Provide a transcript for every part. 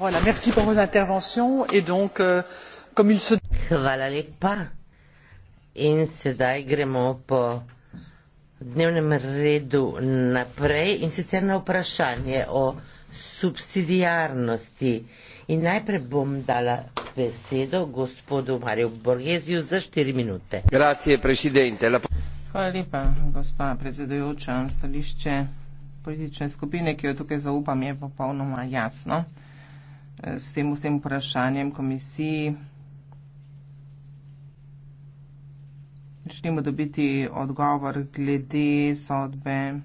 voilà merci pour vos interventions et donc euh, comme il se Hvala lepa. In sedaj gremo po dnevnem redu naprej in sicer na vprašanje o subsidijarnosti. In najprej bom dala besedo gospodu Marju Borgeziju za štiri minute. Grazie, presidente. La... Hvala lepa, gospa predsedujoča. Stališče politične skupine, ki jo tukaj zaupam, je popolnoma jasno s tem, s tem vprašanjem komisiji. Želimo dobiti odgovor glede sodbe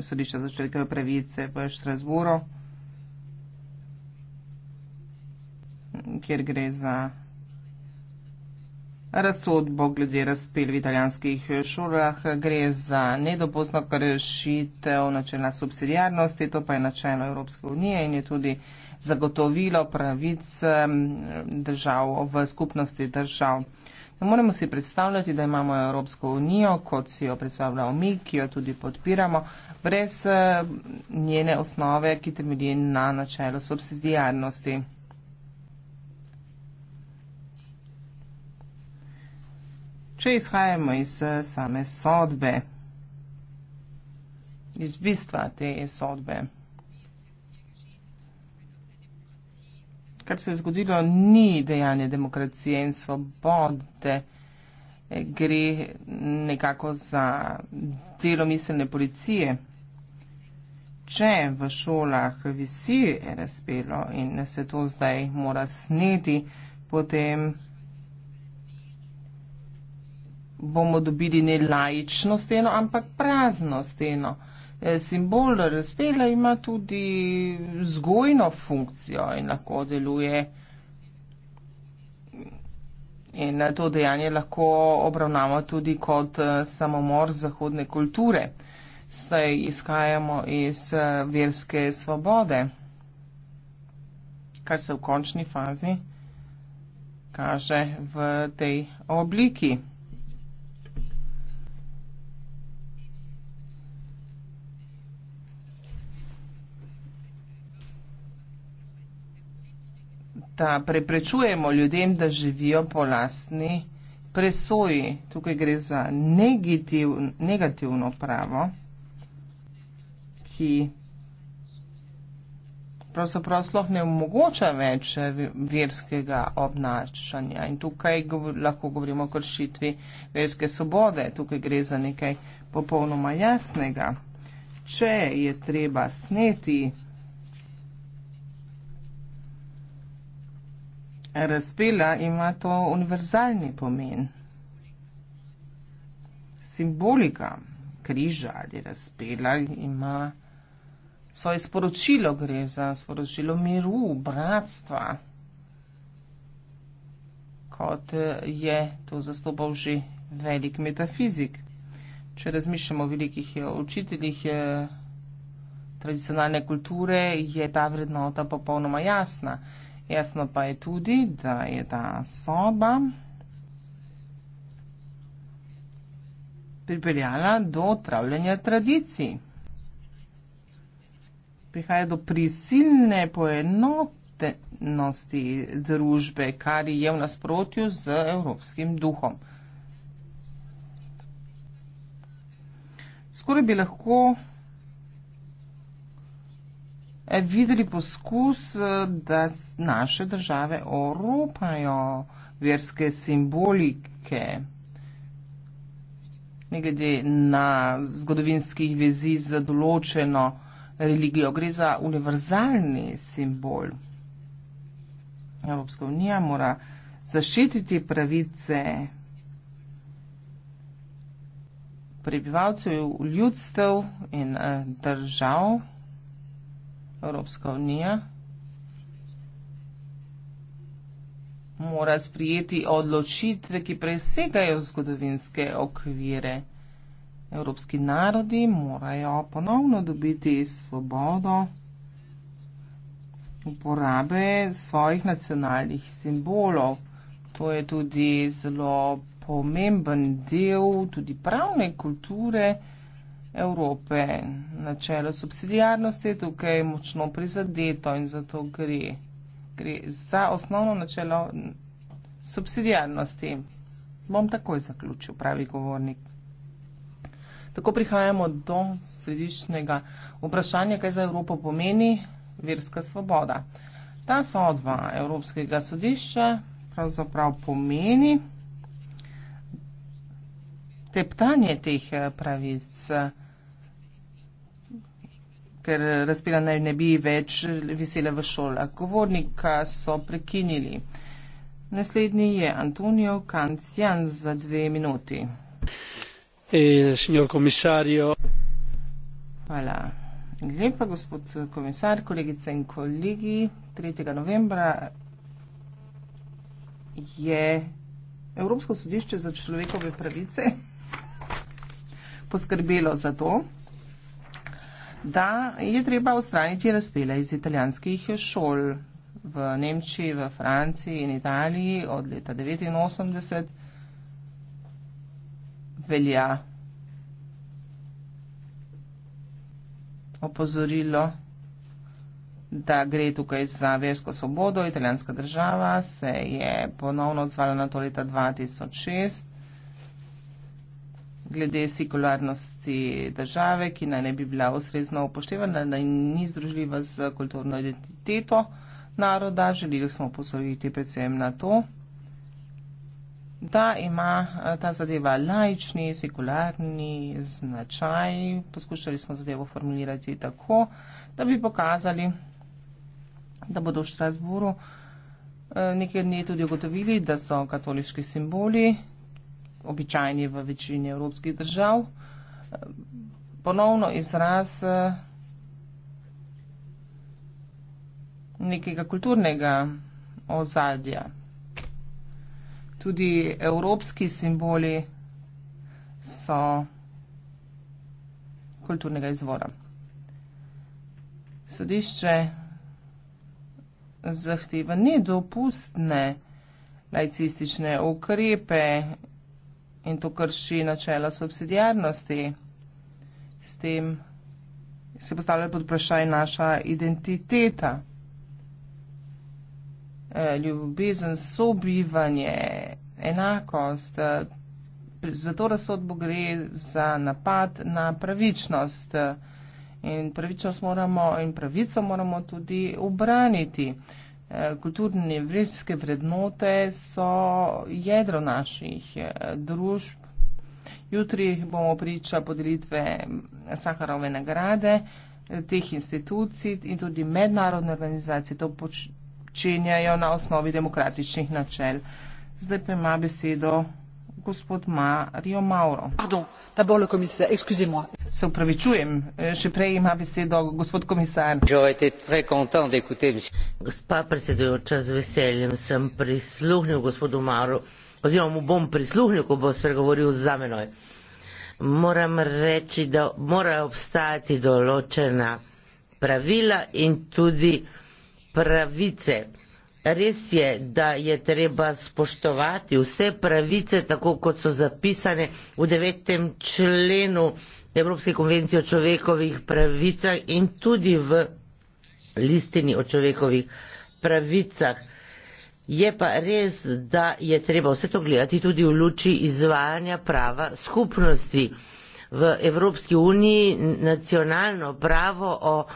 sodišča za človekove pravice v Štrasburu, kjer gre za razsodbo glede razpil v italijanskih šolah. Gre za nedopustno kršitev načela subsidijarnosti, to pa je načelo Evropske unije in je tudi zagotovilo pravic držav v skupnosti držav. Ne moremo si predstavljati, da imamo Evropsko unijo, kot si jo predstavljamo mi, ki jo tudi podpiramo, brez eh, njene osnove, ki temelji na načelu subsidijarnosti. Če izhajamo iz eh, same sodbe, iz bistva te sodbe. kar se je zgodilo, ni dejanje demokracije in svobode, e, gre nekako za delo miselne policije. Če v šolah visi RSP-lo in se to zdaj mora sneti, potem bomo dobili ne lajično steno, ampak prazno steno. Eh, simbol razpela ima tudi vzgojno funkcijo in lahko deluje. In to dejanje lahko obravnamo tudi kot eh, samomor zahodne kulture, saj izhajamo iz eh, verske svobode, kar se v končni fazi kaže v tej obliki. da preprečujemo ljudem, da živijo po lastni presoji. Tukaj gre za negativ, negativno pravo, ki pravzaprav sploh ne omogoča več verskega obnašanja. In tukaj gov lahko govorimo o kršitvi verske svobode. Tukaj gre za nekaj popolnoma jasnega. Če je treba sneti razpela, ima to univerzalni pomen. Simbolika križa ali razpela ima svoje sporočilo, gre za sporočilo miru, bratstva, kot je to zastopal že velik metafizik. Če razmišljamo o velikih eh, učiteljih eh, tradicionalne kulture, je ta vrednota popolnoma jasna. Jasno pa je tudi, da je ta soba pripeljala do odpravljanja tradicij. Prihaja do prisilne poenotenosti družbe, kar je v nasprotju z evropskim duhom. Skoraj bi lahko videli poskus, da naše države oropajo verske simbolike, ne glede na zgodovinskih vezi za določeno religijo. Gre za univerzalni simbol. Evropska unija mora zaščititi pravice prebivalcev, ljudstev in eh, držav. Evropska unija mora sprijeti odločitve, ki presegajo zgodovinske okvire. Evropski narodi morajo ponovno dobiti svobodo uporabe svojih nacionalnih simbolov. To je tudi zelo pomemben del tudi pravne kulture. Evrope. Načelo subsidijarnosti je tukaj močno prizadeto in zato gre, gre za osnovno načelo subsidijarnosti. Bom takoj zaključil, pravi govornik. Tako prihajamo do središčnega vprašanja, kaj za Evropo pomeni verska svoboda. Ta sodba Evropskega sodišča pravzaprav pomeni teptanje teh pravic ker razpira naj ne bi več visela v šolah. Govornika so prekinili. Naslednji je Antonio Kancian za dve minuti. Eh, Hvala. Lepa, gospod komisar, kolegice in kolegi. 3. novembra je Evropsko sodišče za človekove pravice poskrbelo za to, da je treba ustraniti razpele iz italijanskih šol. V Nemčiji, v Franciji in Italiji od leta 1989 velja opozorilo, da gre tukaj za versko svobodo. Italijanska država se je ponovno odzvala na to leta 2006 glede sekularnosti države, ki naj ne bi bila ustrezno upoštevana in ni združljiva z kulturno identiteto naroda. Želeli smo posoviti predvsem na to, da ima eh, ta zadeva lajični, sekularni značaj. Poskušali smo zadevo formulirati tako, da bi pokazali, da bodo v Štrasburu eh, nekaj dni tudi ugotovili, da so katoliški simboli običajni v večini evropskih držav. Ponovno izraz eh, nekega kulturnega ozadja. Tudi evropski simboli so kulturnega izvora. Sodišče zahteva nedopustne laicistične ukrepe in to krši načela subsidijarnosti. S tem se postavlja pod vprašaj naša identiteta, e, ljubezen, sobivanje, enakost. E, zato razsodbo gre za napad na pravičnost. E, in pravičnost moramo in pravico moramo tudi obraniti kulturne vrske vrednote so jedro naših eh, družb. Jutri bomo priča podelitve Saharove nagrade, eh, teh institucij in tudi mednarodne organizacije to počenjajo na osnovi demokratičnih načel. Zdaj pa ima besedo gospod Mario Mauro. Pardon, la bonne commissaire, excusez-moi se upravičujem, eh, še prej ima besedo gospod komisar. Gospa predsedujoča, z veseljem sem prisluhnil gospodu Maru, oziroma mu bom prisluhnil, ko bo spregovoril za menoj. Moram reči, da morajo obstajati določena pravila in tudi pravice. Res je, da je treba spoštovati vse pravice, tako kot so zapisane v devetem členu Evropske konvencije o človekovih pravicah in tudi v listini o človekovih pravicah. Je pa res, da je treba vse to gledati tudi v luči izvajanja prava skupnosti. V Evropski uniji nacionalno pravo o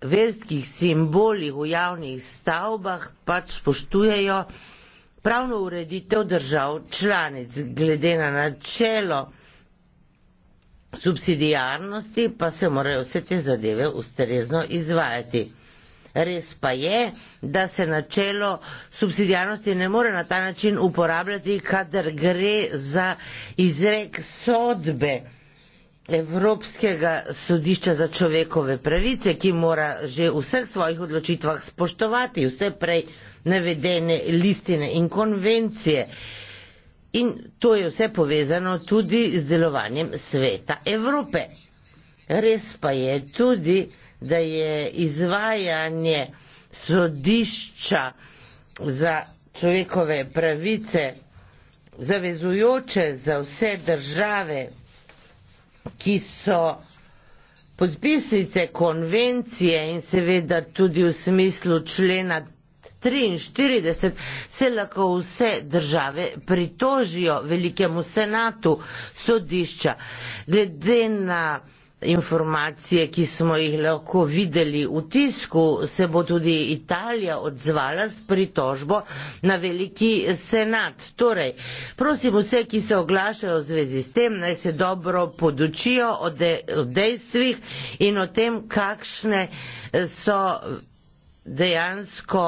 verskih simbolih v javnih stavbah pač spoštujejo pravno ureditev držav članic glede na načelo subsidijarnosti pa se morajo vse te zadeve ustrezno izvajati. Res pa je, da se načelo subsidijarnosti ne more na ta način uporabljati, kadar gre za izrek sodbe Evropskega sodišča za človekove pravice, ki mora že v vseh svojih odločitvah spoštovati vse prej navedene listine in konvencije. Uh, In to je vse povezano tudi z delovanjem sveta Evrope. Res pa je tudi, da je izvajanje sodišča za človekove pravice zavezujoče za vse države, ki so podpisnice konvencije in seveda tudi v smislu člena 43 se lahko vse države pritožijo velikemu senatu sodišča. Glede na informacije, ki smo jih lahko videli v tisku, se bo tudi Italija odzvala s pritožbo na veliki senat. Torej, prosim vse, ki se oglašajo v zvezi s tem, naj se dobro podučijo o, de o dejstvih in o tem, kakšne eh, so dejansko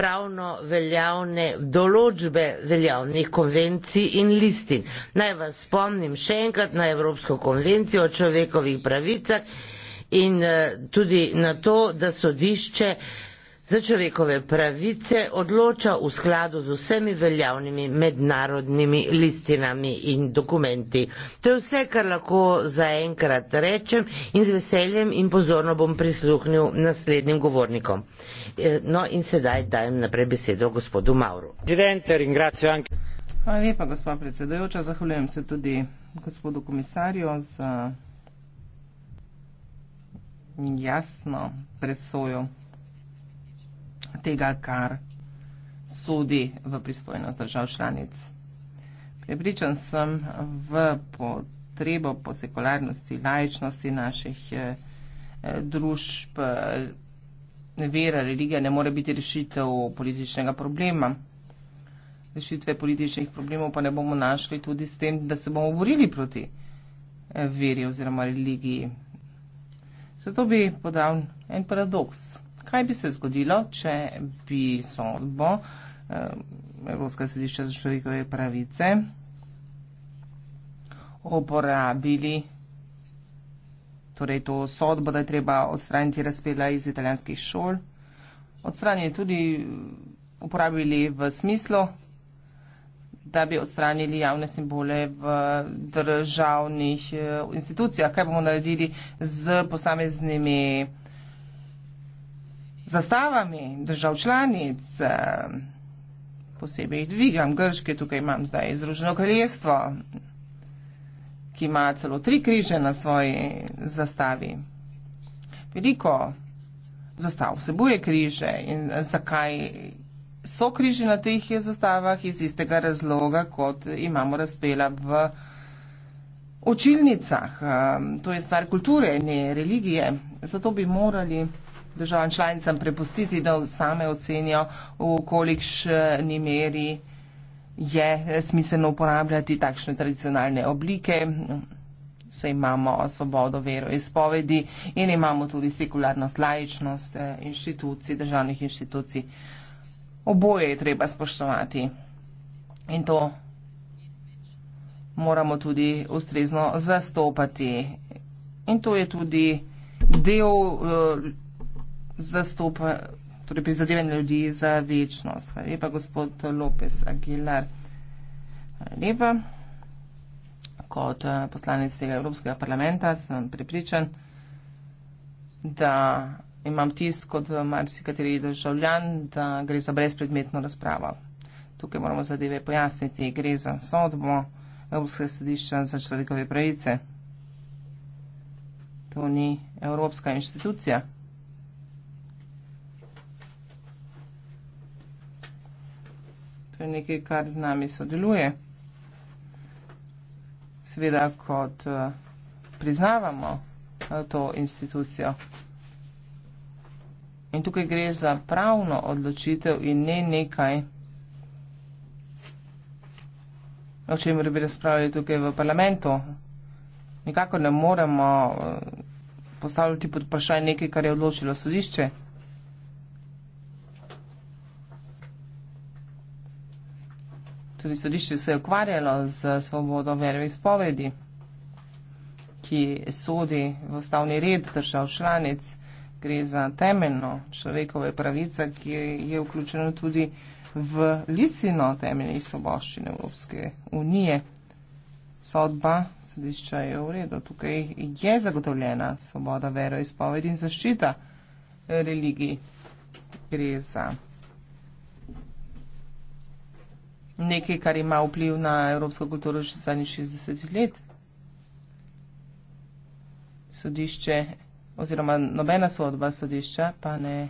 pravno veljavne določbe veljavnih konvencij in listin. Naj vas spomnim še enkrat na Evropsko konvencijo o človekovih pravicah in eh, tudi na to, da sodišče za človekove pravice odloča v skladu z vsemi veljavnimi mednarodnimi listinami in dokumenti. To je vse, kar lahko zaenkrat rečem in z veseljem in pozorno bom prisluhnil naslednjim govornikom. E, no in sedaj dajem naprej besedo gospodu Mauru. Hvala lepa, gospod predsedajoča. Zahvaljujem se tudi gospodu komisarju za jasno presojo tega, kar sodi v pristojnost držav članic. Prepričan sem v potrebo po sekularnosti, lajičnosti naših eh, eh, družb. Vera, religija ne more biti rešitev političnega problema. Rešitve političnih problemov pa ne bomo našli tudi s tem, da se bomo borili proti eh, veri oziroma religiji. Zato bi podal en paradoks kaj bi se zgodilo, če bi sodbo eh, Evropske sedišče za človekove pravice uporabili, torej to sodbo, da je treba odstraniti razpela iz italijanskih šol, odstranili tudi, uporabili v smislu, da bi odstranili javne simbole v državnih eh, institucijah. Kaj bomo naredili z posameznimi vsega, zastavami držav članic, eh, posebej dvigam grške, tukaj imam zdaj izruženo kraljestvo, ki ima celo tri križe na svoji zastavi. Veliko zastav vsebuje križe in eh, zakaj so križi na teh zastavah iz istega razloga, kot imamo razpela v učilnicah. Eh, to je stvar kulture, ne religije. Zato bi morali državam članicam prepustiti, da same ocenijo, v kolikšni meri je smiselno uporabljati takšne tradicionalne oblike. Se imamo svobodo vero izpovedi in imamo tudi sekularnost, lajičnost eh, inštitucij, državnih inštitucij. Oboje je treba spoštovati in to moramo tudi ustrezno zastopati. In to je tudi del uh, zastopa torej prizadevanje ljudi za večnost. Hvala lepa, gospod Lopez Aguilar. Hvala lepa. Kot eh, poslanec tega Evropskega parlamenta sem pripričan, da imam tisk kot marsikateri državljan, da gre za brezpredmetno razpravo. Tukaj moramo zadeve pojasniti. Gre za sodbo Evropskega sodišča za človekove pravice. To ni Evropska inštitucija. To je nekaj, kar z nami sodeluje. Seveda, kot eh, priznavamo eh, to institucijo. In tukaj gre za pravno odločitev in ne nekaj, o čemer bi razpravljali tukaj v parlamentu. Nikako ne moremo eh, postavljati pod vprašanje nekaj, kar je odločilo sodišče. Tudi sodišče se je ukvarjalo z svobodo veroizpovedi, ki sodi v ustavni red držav članic. Gre za temeljno človekove pravice, ki je vključeno tudi v listino temeljnih svoboščin Evropske unije. Sodba sodišča je v redu. Tukaj je zagotovljena svoboda veroizpovedi in zaščita religiji. Gre za nekaj, kar ima vpliv na evropsko kulturo že zadnjih 60 let. Sodišče oziroma nobena sodba sodišča pa ne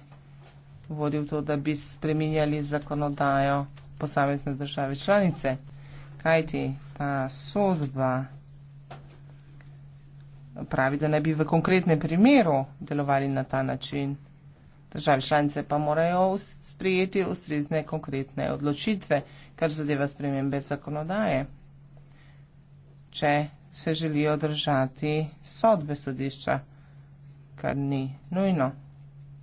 vodi v to, da bi spreminjali zakonodajo posamezne države članice. Kajti ta sodba pravi, da ne bi v konkretnem primeru delovali na ta način. Države članice pa morajo sprijeti ustrezne konkretne odločitve, kar zadeva spremembe zakonodaje, če se želijo držati sodbe sodišča, kar ni nujno.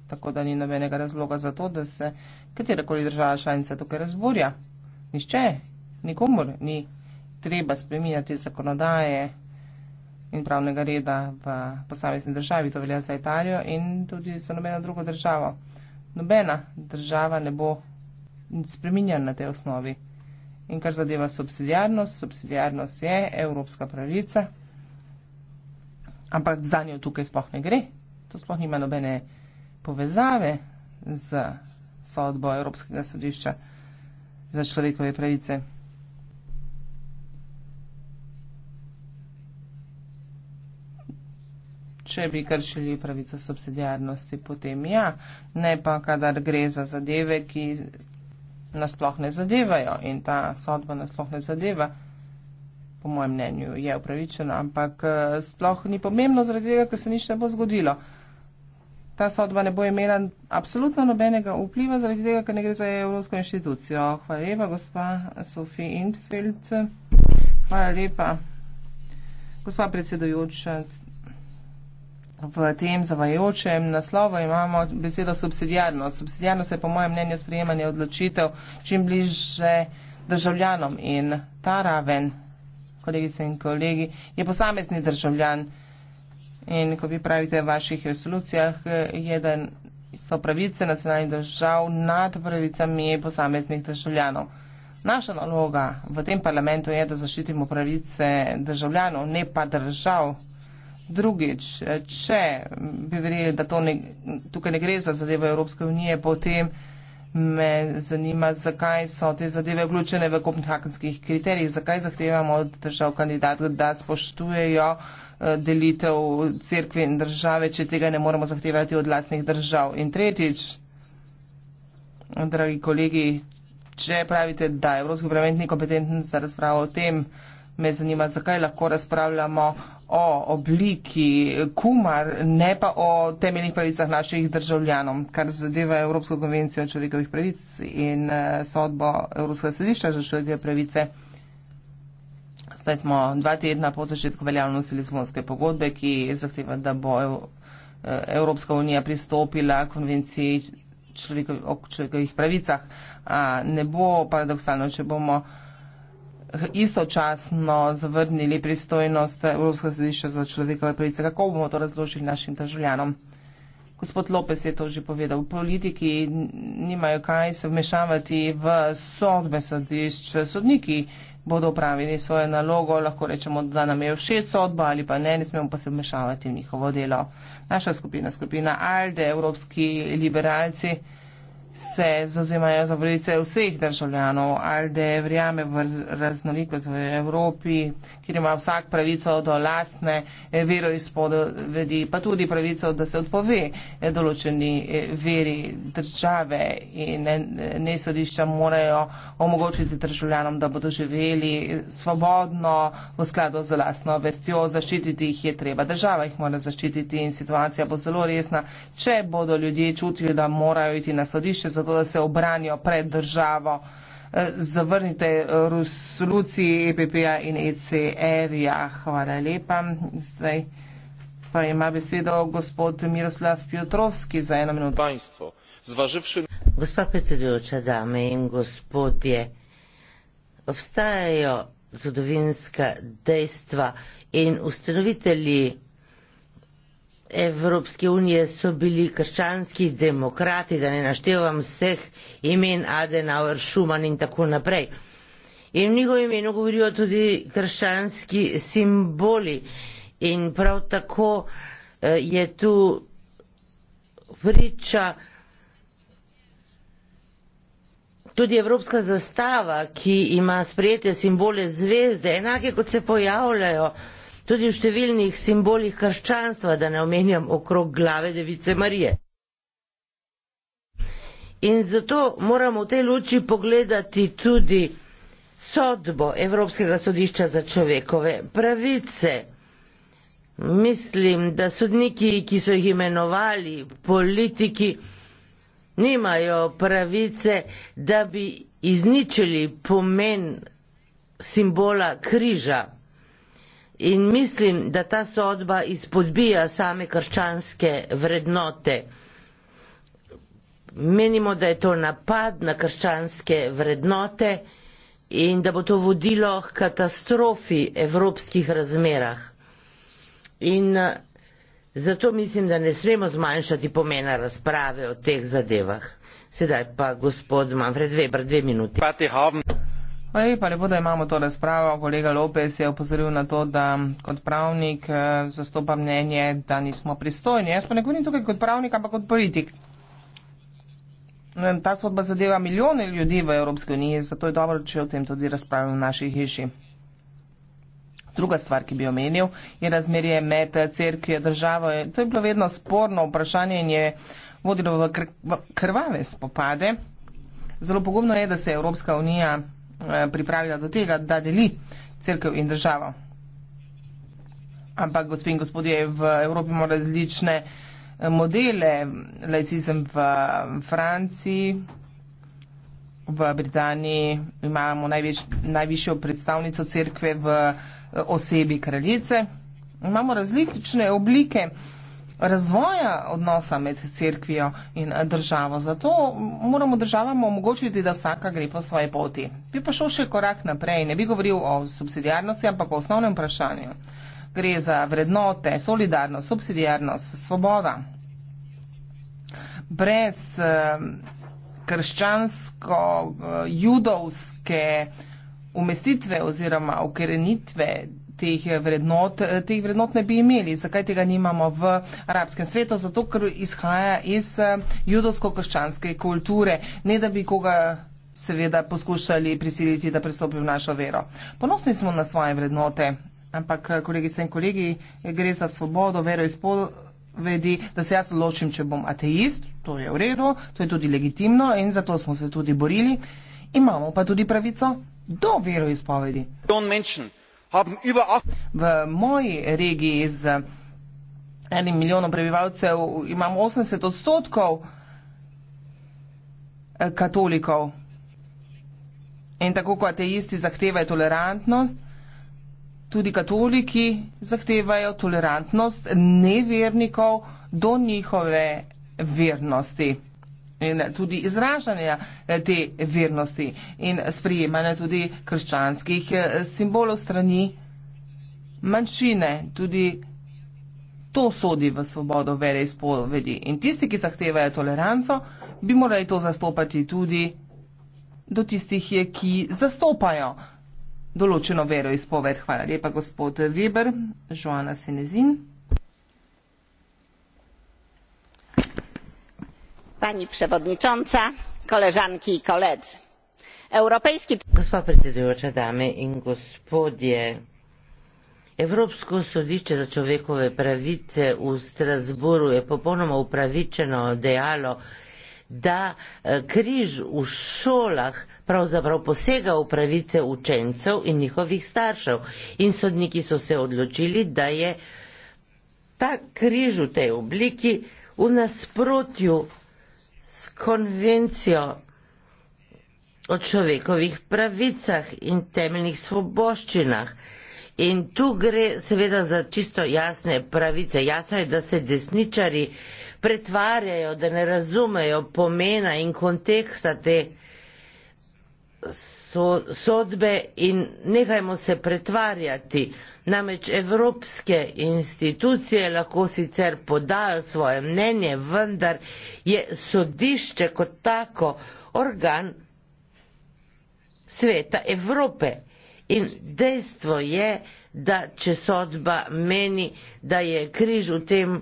Tako da ni nobenega razloga za to, da se katerakoli država članica tukaj razburja. Nišče, nikomor ni treba spreminjati zakonodaje in pravnega reda v posamezni državi. To velja za Italijo in tudi za nobeno drugo državo. Nobena država ne bo spreminjala na tej osnovi. In kar zadeva subsidijarnost, subsidijarnost je evropska pravica, ampak za njo tukaj sploh ne gre. To sploh nima nobene povezave z sodbo Evropskega sodišča za človekove pravice. Če bi kršili pravico subsidijarnosti, potem ja, ne pa, kadar gre za zadeve, ki nasploh ne zadevajo in ta sodba nasploh ne zadeva. Po mojem mnenju je upravičena, ampak eh, sploh ni pomembno zaradi tega, ker se nič ne bo zgodilo. Ta sodba ne bo imela apsolutno nobenega vpliva zaradi tega, ker ne gre za Evropsko inštitucijo. Hvala lepa, gospa Sofija Intfeld. Hvala lepa, gospa predsedujoča v tem zavajočem naslovu imamo besedo subsidijarnost. Subsidijarnost je po mojem mnenju sprejemanje odločitev čim bliže državljanom in ta raven, kolegice in kolegi, je posamezni državljan. In ko vi pravite v vaših resolucijah, je, da so pravice nacionalnih držav nad pravicami posameznih državljanov. Naša naloga v tem parlamentu je, da zaščitimo pravice državljanov, ne pa držav, Drugič, če bi verjeli, da ne, tukaj ne gre za zadeve Evropske unije, potem me zanima, zakaj so te zadeve vključene v kopenhagenskih kriterijih, zakaj zahtevamo od držav kandidat, da spoštujejo eh, delitev crkve in države, če tega ne moremo zahtevati od vlastnih držav. In tretjič, dragi kolegi, če pravite, da Evropski parlament ni kompetenten za razpravo o tem, me zanima, zakaj lahko razpravljamo o obliki kumar, ne pa o temeljnih pravicah naših državljanov, kar zadeva Evropsko konvencijo o človekovih pravic in eh, sodbo Evropskega sedišča za človekove pravice. Zdaj smo dva tedna po začetku veljavnosti Lizbonske pogodbe, ki zahteva, da bo eh, Evropska unija pristopila konvenciji človekov, o človekovih pravicah. A ne bo paradoksalno, če bomo istočasno zavrnili pristojnost Evropskega sodišča za človekove pravice. Kako bomo to razložili našim državljanom? Gospod Lopes je to že povedal. Politiki nimajo kaj se vmešavati v sodbe sodišč. Sodniki bodo upravili svojo nalogo, lahko rečemo, da nam je všeč sodba ali pa ne, ne smemo pa se vmešavati v njihovo delo. Naša skupina, skupina ALDE, Evropski liberalci se zauzemajo za pravice vseh državljanov, ALDE verjame v raznolikost v Evropi, kjer ima vsak pravico do lastne eh, veroizpovedi, pa tudi pravico, da se odpove eh, določeni eh, veri države in nesodišča morajo omogočiti državljanom, da bodo živeli svobodno v skladu z lastno vestjo, zaščititi jih je treba. Država jih mora zaščititi in situacija bo zelo resna, če bodo ljudje čutili, da morajo iti na sodišče mogoče zato, da se obranijo pred državo. E, zavrnite resoluciji EPP-ja in ECR-ja. Hvala lepa. Zdaj pa ima besedo gospod Miroslav Piotrovski za eno minuto. Tajnstvo, zvaživši... Gospa predsedujoča, dame in gospodje, obstajajo zgodovinska dejstva in ustanovitelji Evropske unije so bili krščanski demokrati, da ne naštevam vseh imen Adenauer, Schuman in tako naprej. In v njihovem imenu govorijo tudi krščanski simboli. In prav tako eh, je tu priča tudi evropska zastava, ki ima sprejete simbole zvezde, enake kot se pojavljajo tudi v številnih simbolih krščanstva, da ne omenjam okrog glave device Marije. In zato moramo v tej luči pogledati tudi sodbo Evropskega sodišča za človekove pravice. Mislim, da sodniki, ki so jih imenovali, politiki, nimajo pravice, da bi izničili pomen simbola križa. In mislim, da ta sodba izpodbija same krščanske vrednote. Menimo, da je to napad na krščanske vrednote in da bo to vodilo k katastrofi evropskih razmerah. In eh, zato mislim, da ne smemo zmanjšati pomena razprave o teh zadevah. Sedaj pa gospod Manfred Weber, dve minuti. Hvala lepa, lepo, da imamo to razpravo. Kolega Lopes je opozoril na to, da kot pravnik eh, zastopa mnenje, da nismo pristojni. Jaz pa ne govorim tukaj kot pravnik, ampak kot politik. Ta sodba zadeva milijone ljudi v Evropski uniji, zato je dobro, če o tem tudi razpravljamo v naši hiši. Druga stvar, ki bi omenil, je razmerje med eh, crkvijo in državo. To je bilo vedno sporno vprašanje in je vodilo v krvave spopade. Zelo pogumno je, da se Evropska unija Eh, pripravila do tega, da deli crkv in državo. Ampak, gospod in gospodje, v Evropi imamo različne eh, modele. Laicizem v eh, Franciji, v Britaniji imamo največ, najvišjo predstavnico crkve v osebi kraljice. Imamo različne oblike razvoja odnosa med crkvijo in državo. Zato moramo državam omogočiti, da vsaka gre po svoje poti. Bi pa šel še korak naprej, ne bi govoril o subsidijarnosti, ampak o osnovnem vprašanju. Gre za vrednote, solidarnost, subsidijarnost, svoboda. Brez eh, krščansko-judovske eh, umestitve oziroma ukrenitve teh vrednot. Teh vrednot ne bi imeli. Zakaj tega nimamo v arabskem svetu? Zato, ker izhaja iz eh, judovsko-koščanske kulture. Ne da bi koga seveda poskušali prisiliti, da pristopi v našo vero. Ponosni smo na svoje vrednote, ampak eh, kolegice in kolegi, gre za svobodo, vero izpol. Vedi, da se jaz odločim, če bom ateist, to je v redu, to je tudi legitimno in zato smo se tudi borili. Imamo pa tudi pravico do veroizpovedi. V moji regiji z enim milijonom prebivalcev imam 80 odstotkov eh, katolikov. In tako kot ateisti zahtevajo tolerantnost, tudi katoliki zahtevajo tolerantnost nevernikov do njihove vernosti in tudi izražanja eh, te vernosti in sprijemanja tudi krščanskih eh, simbolov strani manjšine. Tudi to sodi v svobodo vere izpovedi in tisti, ki zahtevajo toleranco, bi morali to zastopati tudi do tistih, ki zastopajo določeno vero izpoved. Hvala lepa, gospod Weber, Joana Senezin. pani przewodnicząca koleżanki i koledzy europejski evropsko sodišče za človekove pravice v strasbourgu je popolnoma upravičeno dejalo da eh, križ v šolah pravzaprav posega v pravice učencev in njihovih staršev in sodniki so se odločili da je ta križ v tej obliki v nasprotju konvencijo o človekovih pravicah in temeljnih svoboščinah. In tu gre seveda za čisto jasne pravice. Jasno je, da se desničari pretvarjajo, da ne razumejo pomena in konteksta te sodbe in nehajmo se pretvarjati. Namreč evropske institucije lahko sicer podajo svoje mnenje, vendar je sodišče kot tako organ sveta Evrope. In dejstvo je, da če sodba meni, da je križ v tem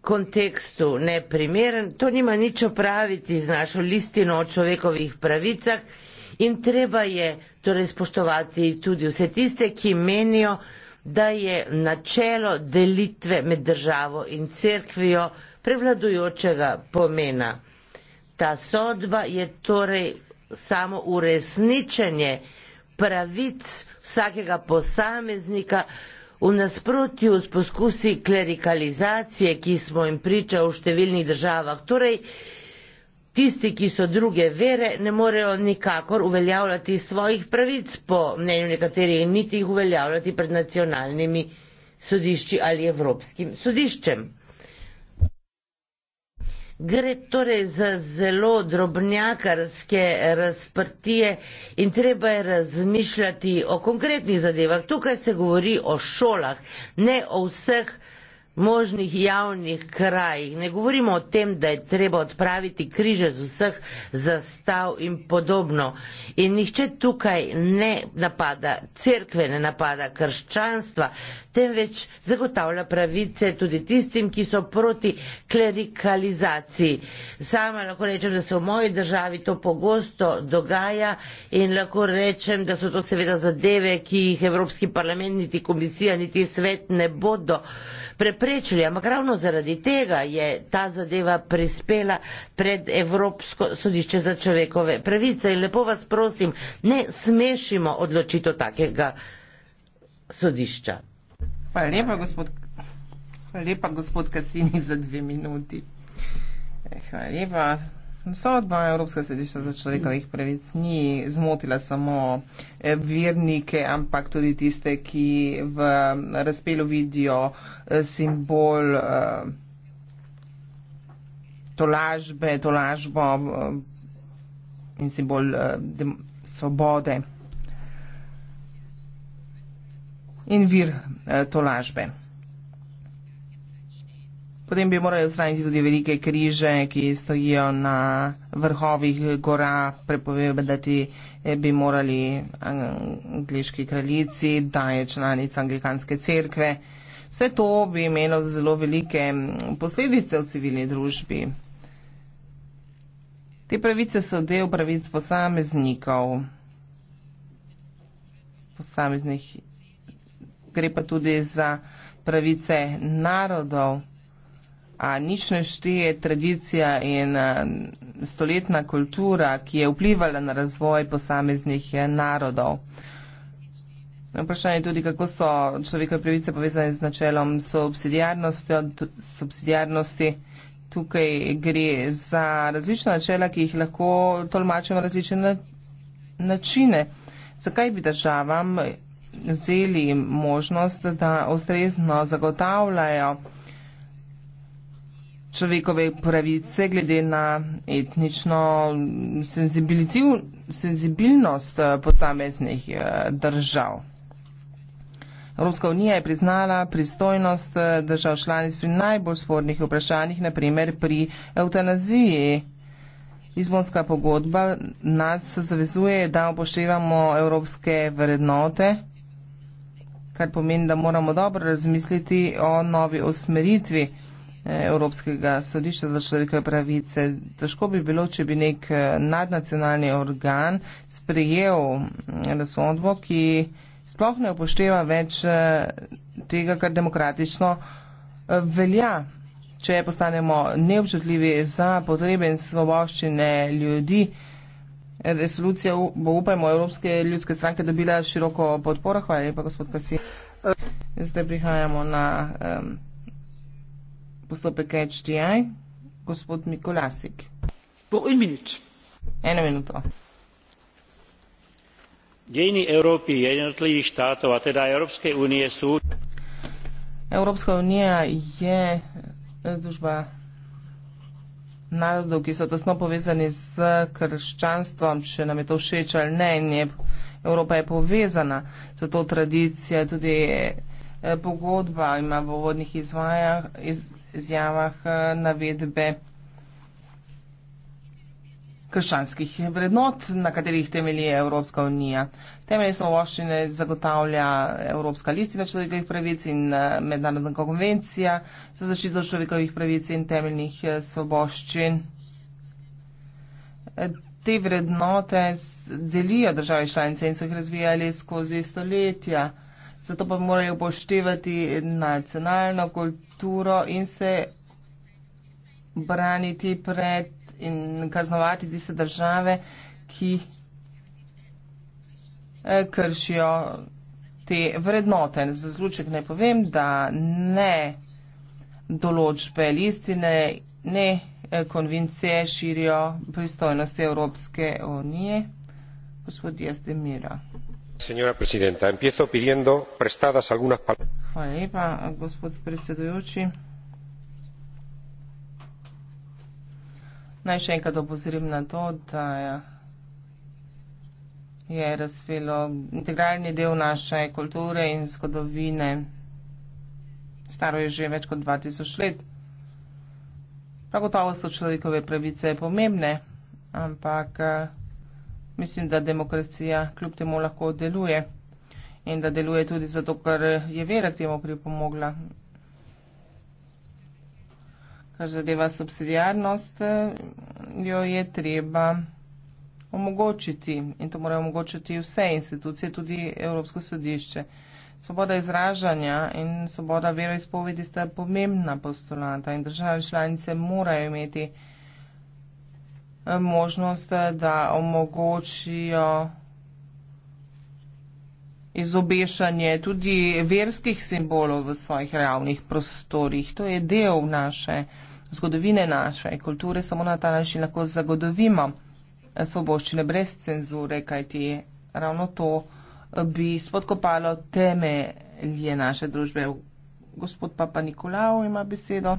kontekstu neprimeren, to nima nič opraviti z našo listino o človekovih pravicah. In treba je torej spoštovati tudi vse tiste, ki menijo, da je načelo delitve med državo in cerkvijo prevladujočega pomena. Ta sodba je torej samo uresničenje pravic vsakega posameznika v nasprotju s poskusi klerikalizacije, ki smo jim priča v številnih državah. Torej, tisti, ki so druge vere, ne morejo nikakor uveljavljati svojih pravic, po mnenju nekaterih, niti jih uveljavljati pred nacionalnimi sodišči ali Evropskim sodiščem. Gre torej za zelo drobnjakarske razprtije in treba je razmišljati o konkretnih zadevah. Tukaj se govori o šolah, ne o vseh možnih javnih krajih. Ne govorimo o tem, da je treba odpraviti križe z vseh zastav in podobno. In nihče tukaj ne napada cerkve, ne napada krščanstva, temveč zagotavlja pravice tudi tistim, ki so proti klerikalizaciji. Sama lahko rečem, da se v moji državi to pogosto dogaja in lahko rečem, da so to seveda zadeve, ki jih Evropski parlament niti komisija niti svet ne bodo preprečili. Ampak ravno zaradi tega je ta zadeva prispela pred Evropsko sodišče za človekove pravice. In lepo vas prosim, ne smešimo odločitev takega sodišča. Hvala lepa, gospod, hvala lepa, gospod Kasini, za dve minuti. Eh, hvala lepa. Sodba Evropske središče za človekovih pravic ni zmotila samo eh, vernike, ampak tudi tiste, ki v razpelu vidijo eh, simbol eh, tolažbe, tolažbo in simbol svobode in vir tolažbe. Potem bi morali odstraniti tudi velike križe, ki stojijo na vrhovih gora, prepovedati eh, bi morali eh, angliški kraljici, da je članica anglikanske cerkve. Vse to bi imelo zelo velike mm, posledice v civilni družbi. Te pravice so del pravic posameznikov, posameznih, gre pa tudi za pravice narodov. A nič ne šteje tradicija in stoletna kultura, ki je vplivala na razvoj posameznih eh, narodov. Vprašanje je tudi, kako so človekove pravice povezane z načelom subsidijarnosti. Tukaj gre za različna načela, ki jih lahko tolmačimo različne načine. Zakaj bi državam vzeli možnost, da ustrezno zagotavljajo uh, človekove pravice, glede na etnično senzibilnost eh, posameznih eh, držav. Evropska unija je priznala pristojnost eh, držav članic pri najbolj spornih vprašanjih, naprimer pri eutanaziji. Izbonska pogodba nas zavezuje, da upoštevamo evropske vrednote, kar pomeni, da moramo dobro razmisliti o novi osmeritvi. Eh, Evropskega sodišča za človekove pravice. Težko bi bilo, če bi nek eh, nadnacionalni organ sprejel mm, razsodbo, ki sploh ne upošteva več eh, tega, kar demokratično velja. Če postanemo neobčutljivi za potrebe in svoboščine ljudi, resolucija, bo upajmo, Evropske ljudske stranke dobila široko podporo. Hvala lepa, gospod Kasir. Zdaj prihajamo na. Um, postopek HDI, gospod Mikolasik. Po en minut. Eno minuto. Dejni Evropi, jednotlivih štatov, a teda Evropske unije so. Evropska unija je eh, družba narodov, ki so tesno povezani z krščanstvom, če nam je to všeč ali ne. Je, Evropa je povezana, zato tradicija, tudi eh, pogodba ima v vodnih izvajah, iz, izjavah eh, navedbe krščanskih vrednot, na katerih temelji Evropska unija. Temelje samovoščine zagotavlja Evropska listina človekovih pravic in eh, mednarodna konvencija za zaščito človekovih pravic in temeljnih eh, svoboščin. Te vrednote delijo države članice in so jih razvijali skozi stoletja zato pa morajo upoštevati nacionalno kulturo in se braniti pred in kaznovati tiste države, ki eh, kršijo te vrednote. Za zluček ne povem, da ne določbe listine, ne eh, konvencije širijo pristojnosti Evropske unije. Gospod Jazdemira señora presidenta empiezo pidiendo prestadas algunas palabras integralni del naše kulture in zgodovine staro je že več kot 2000 let. Prav gotovo so človekove pravice pomembne, ampak mislim, da demokracija kljub temu lahko deluje in da deluje tudi zato, ker je vera k temu pripomogla. Kar zadeva subsidijarnost, jo je treba omogočiti in to morajo omogočiti vse institucije, tudi Evropsko sodišče. Svoboda izražanja in svoboda veroizpovedi sta pomembna postulata in države članice morajo imeti možnost, da omogočijo izobešanje tudi verskih simbolov v svojih realnih prostorih. To je del naše zgodovine, naše kulture, samo na ta način lahko zagodovimo svoboščine brez cenzure, kajti ravno to bi spodkopalo temelje naše družbe. Gospod Papa Nikolao ima besedo.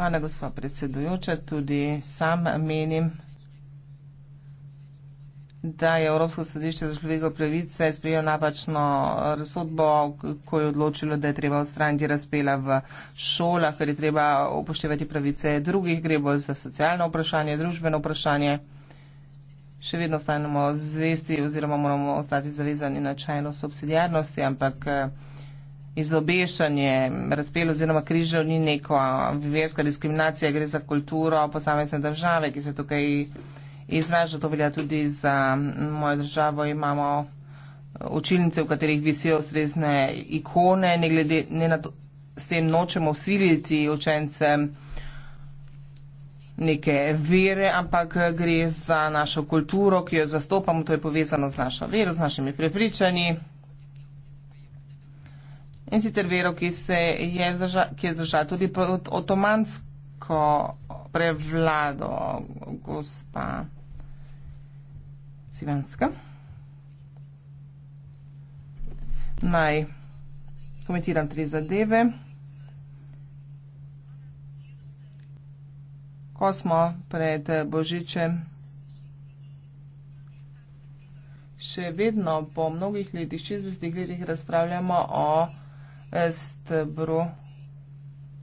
Hvala, gospa predsedujoča. Tudi sam menim, da je Evropsko sodišče za človekove pravice sprejelo napačno razsodbo, ko je odločilo, da je treba odstraniti razpela v šolah, ker je treba upoštevati pravice drugih, gre bolj za socialno vprašanje, družbeno vprašanje. Še vedno stanemo zvesti oziroma moramo ostati zavezani na čajno subsidijarnosti, ampak eh, izobešanje, razpel oziroma križev ni neko verska diskriminacija, gre za kulturo posamezne države, ki se tukaj izraža. To velja tudi za mojo državo. Imamo uh, učilnice, v katerih visijo ustrezne ikone, ne glede ne na to, s tem nočemo usiliti učencem neke vere, ampak gre za našo kulturo, ki jo zastopamo, to je povezano z našo vero, z našimi prepričanji in sicer vero, ki, je, zaža, ki je zažal tudi pod otomansko prevlado gospa Sivanska. Naj komentiram tri zadeve. Ko smo pred Božičem, še vedno po mnogih letih, 60 letih, razpravljamo o stebru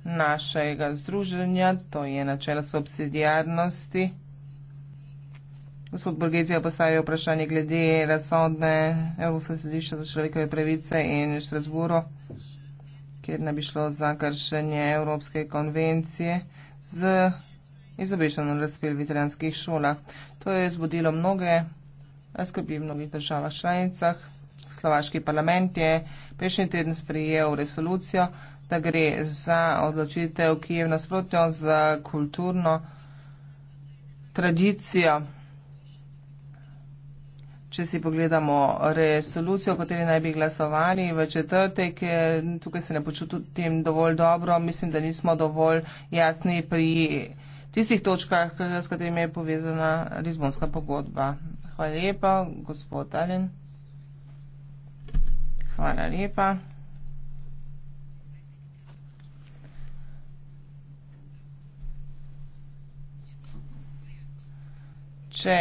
našega združenja, to je načelo subsidijarnosti. Gospod Borgezi je postavil vprašanje glede razsodne Evropske sodišče za človekove pravice in Štrasburu, kjer ne bi šlo za kršenje Evropske konvencije z izobešanjem razpil v italijanskih šolah. To je zbudilo mnoge skrbi v mnogih državah članicah. Slovaški parlament je prejšnji teden sprejel resolucijo, da gre za odločitev, ki je v nasprotju z kulturno tradicijo. Če si pogledamo resolucijo, o kateri naj bi glasovali v četrtek, tukaj se ne počutim dovolj dobro, mislim, da nismo dovolj jasni pri tistih točkah, s katerimi je povezana Lizbonska pogodba. Hvala lepa, gospod Alen. Hvala lepa. Če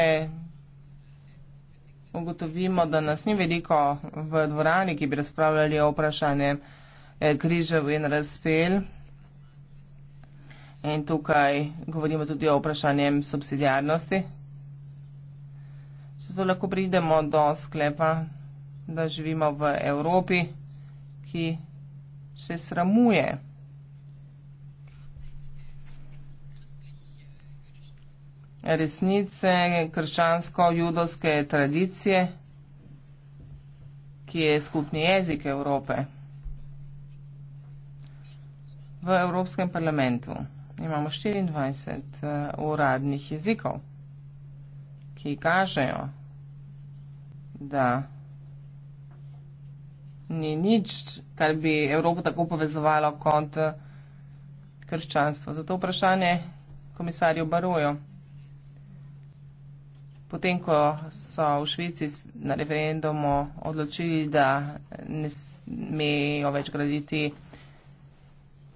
ugotovimo, da nas ni veliko v dvorani, ki bi razpravljali o vprašanju eh, križev in razpel, in tukaj govorimo tudi o vprašanju subsidijarnosti, zato lahko pridemo do sklepa da živimo v Evropi, ki se sramuje. Resnice krščansko-judovske tradicije, ki je skupni jezik Evrope. V Evropskem parlamentu imamo 24 eh, uradnih jezikov, ki kažejo, da ni nič, kar bi Evropo tako povezovalo kot eh, krščanstvo. Zato vprašanje komisarju Baroju. Potem, ko so v Švici na referendumu odločili, da ne smejo več graditi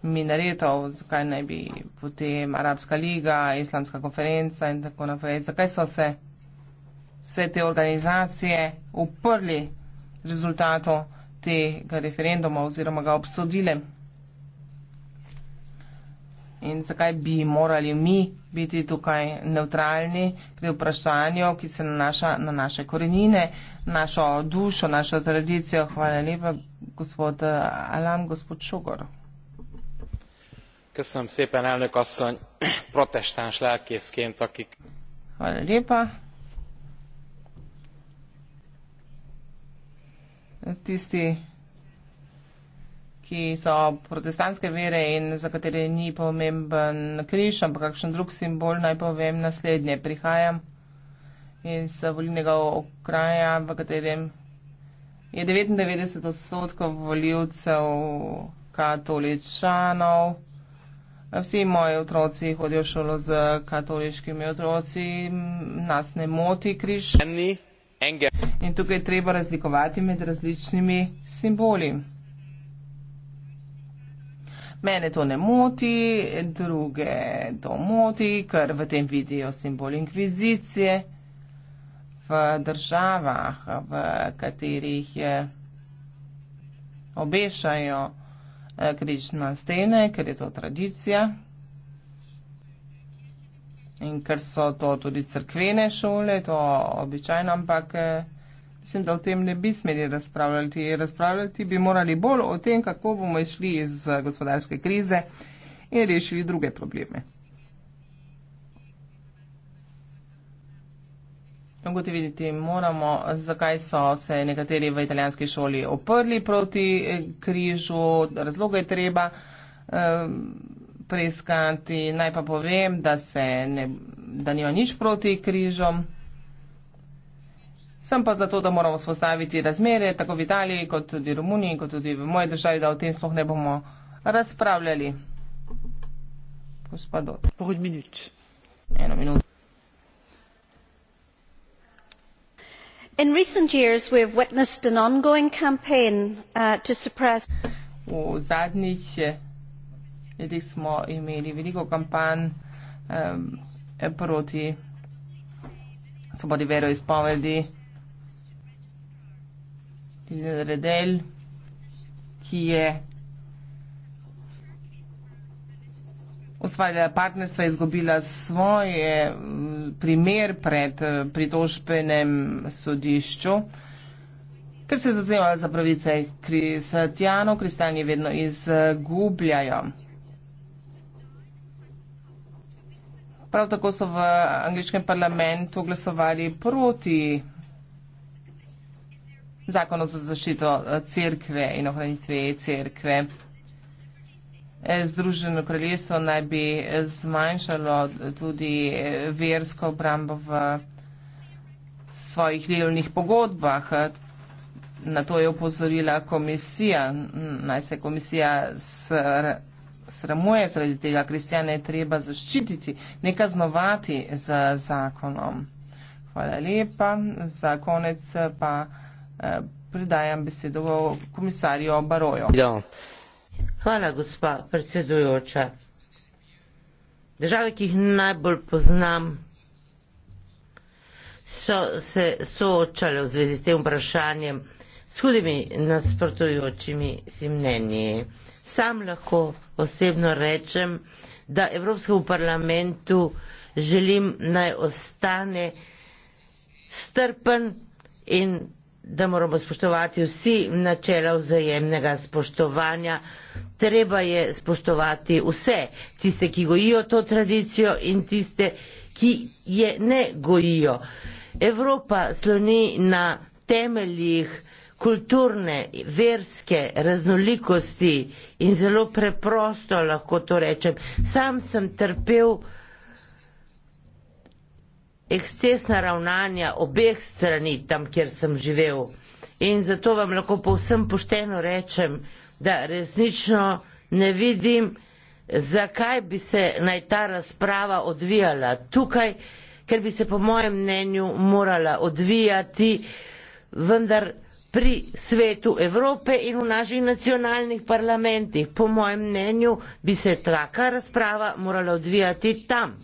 minaretov, zakaj naj bi potem Arabska liga, Islamska konferenca in tako naprej, zakaj so se vse te organizacije uprli rezultatu tega referenduma oziroma ga obsodile. In zakaj bi morali mi biti tukaj neutralni pri vprašanju, ki se nanaša na naše korenine, našo dušo, našo tradicijo? Hvala lepa, gospod eh, Alam, gospod Šugor. Köszönöm szépen, elnök asszony, protestáns lelkészként, akik. Hvala lepa, tisti, ki so protestantske vere in za katere ni pomemben križ, ampak kakšen drug simbol, naj povem naslednje. Prihajam iz volilnega okraja, v katerem je 99 odstotkov voljivcev katoličanov. Vsi moji otroci hodijo v šolo z katoliškimi otroci, nas ne moti križ. Eni. In tukaj je treba razlikovati med različnimi simboli. Mene to ne moti, druge to moti, ker v tem vidijo simbol inkvizicije v državah, v katerih obešajo eh, križ na stene, ker je to tradicija in ker so to tudi crkvene šole, to običajno, ampak eh, mislim, da o tem ne bi smeli razpravljati. Razpravljati bi morali bolj o tem, kako bomo išli iz eh, gospodarske krize in rešili druge probleme. Kot vidite, moramo, zakaj so se nekateri v italijanski šoli oprli proti eh, križu, razloga je treba preiskati. Naj pa povem, da, ne, da nima nič proti križom. Sem pa zato, da moramo spostaviti razmere tako v Italiji, kot tudi v Romuniji, kot tudi v moji državi, da o tem sploh ne bomo razpravljali. Gospodot. Pogod minut. Eno minuto. In recent years we have witnessed an ongoing campaign uh, to suppress. Ljudje smo imeli veliko kampanj um, proti svobodi veroizpovedi. Redel, ki je ustvarjala partnerstva, izgubila svoj mm, primer pred eh, pritožbenem sodišču, ker se zazemajo za pravice kristjanov, kristjani vedno izgubljajo. Prav tako so v angliškem parlamentu glasovali proti zakonu za zaščito eh, crkve in ohranitve crkve. Eh, Združeno kraljestvo naj bi eh, zmanjšalo tudi versko obrambo v svojih delovnih pogodbah. Na to je opozorila komisija. Naj se komisija sramuje zaradi tega, kristjane je treba zaščititi, ne kaznovati z zakonom. Hvala lepa. Za konec pa eh, pridajam besedo komisarju Baroju. Ja. Hvala, gospa predsedujoča. Države, ki jih najbolj poznam, so se soočale v zvezi s tem vprašanjem s hudimi nasprotujočimi si mnenji sam lahko osebno rečem, da Evropskemu parlamentu želim naj ostane strpen in da moramo spoštovati vsi načela vzajemnega spoštovanja. Treba je spoštovati vse, tiste, ki gojijo to tradicijo in tiste, ki je ne gojijo. Evropa sloni na temeljih kulturne, verske raznolikosti in zelo preprosto lahko to rečem. Sam sem trpel ekscesna ravnanja obeh strani tam, kjer sem živel. In zato vam lahko povsem pošteno rečem, da resnično ne vidim, zakaj bi se naj ta razprava odvijala tukaj, ker bi se po mojem mnenju morala odvijati vendar pri svetu Evrope in v naših nacionalnih parlamentih, po mojem mnenju, bi se taka razprava morala odvijati tam.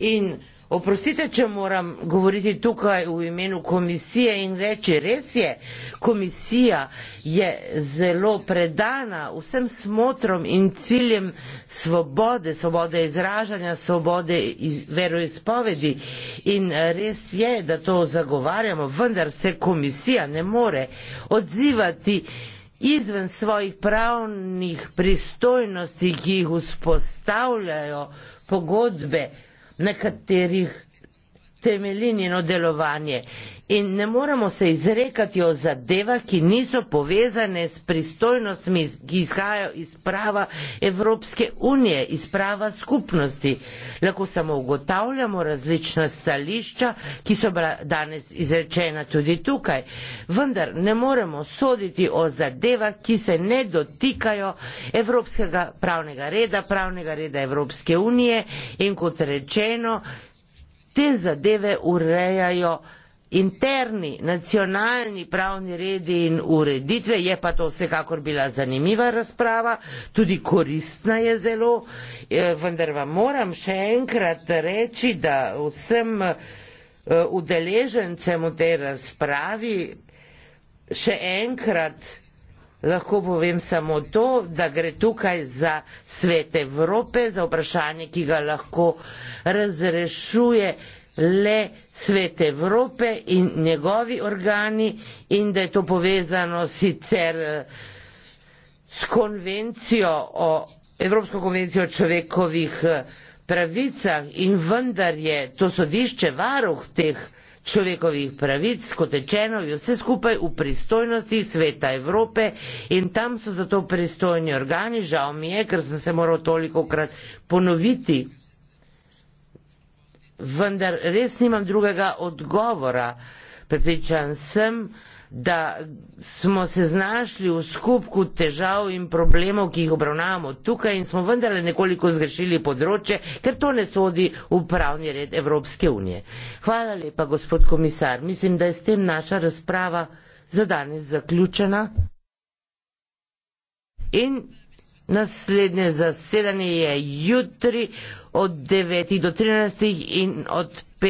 In Oprostite, če moram govoriti tukaj v imenu komisije in reči, res je, komisija je zelo predana vsem smotrom in ciljem svobode, svobode izražanja, svobode iz, veroizpovedi in res je, da to zagovarjamo, vendar se komisija ne more odzivati izven svojih pravnih pristojnosti, ki jih vzpostavljajo pogodbe nekaterih temelji njeno delovanje. In ne moremo se izrekati o zadevah, ki niso povezane s pristojnostmi, ki izhajajo iz prava Evropske unije, iz prava skupnosti. Lahko samo ugotavljamo različna stališča, ki so bila danes izrečena tudi tukaj. Vendar ne moremo soditi o zadevah, ki se ne dotikajo Evropskega pravnega reda, pravnega reda Evropske unije in kot rečeno, te zadeve urejajo interni nacionalni pravni redi in ureditve, je pa to vsekakor bila zanimiva razprava, tudi koristna je zelo, e, vendar vam moram še enkrat reči, da vsem e, udeležencem v tej razpravi še enkrat Lahko povem samo to, da gre tukaj za svet Evrope, za vprašanje, ki ga lahko razrešuje le svet Evrope in njegovi organi in da je to povezano sicer eh, s konvencijo o Evropsko konvencijo o človekovih eh, pravicah in vendar je to sodišče varuh teh pravic človekovih pravic, kot rečeno, je vse skupaj v pristojnosti sveta Evrope in tam so zato pristojni organi. Žal mi je, ker sem se moral toliko krat ponoviti, vendar res nimam drugega odgovora. Prepričan sem, da smo se znašli v skupku težav in problemov, ki jih obravnavamo tukaj in smo vendarle nekoliko zgrešili področje, ker to ne sodi v pravni red Evropske unije. Hvala lepa, gospod komisar. Mislim, da je s tem naša razprava za danes zaključena. In naslednje zasedanje je jutri od 9 do 13 in od 5.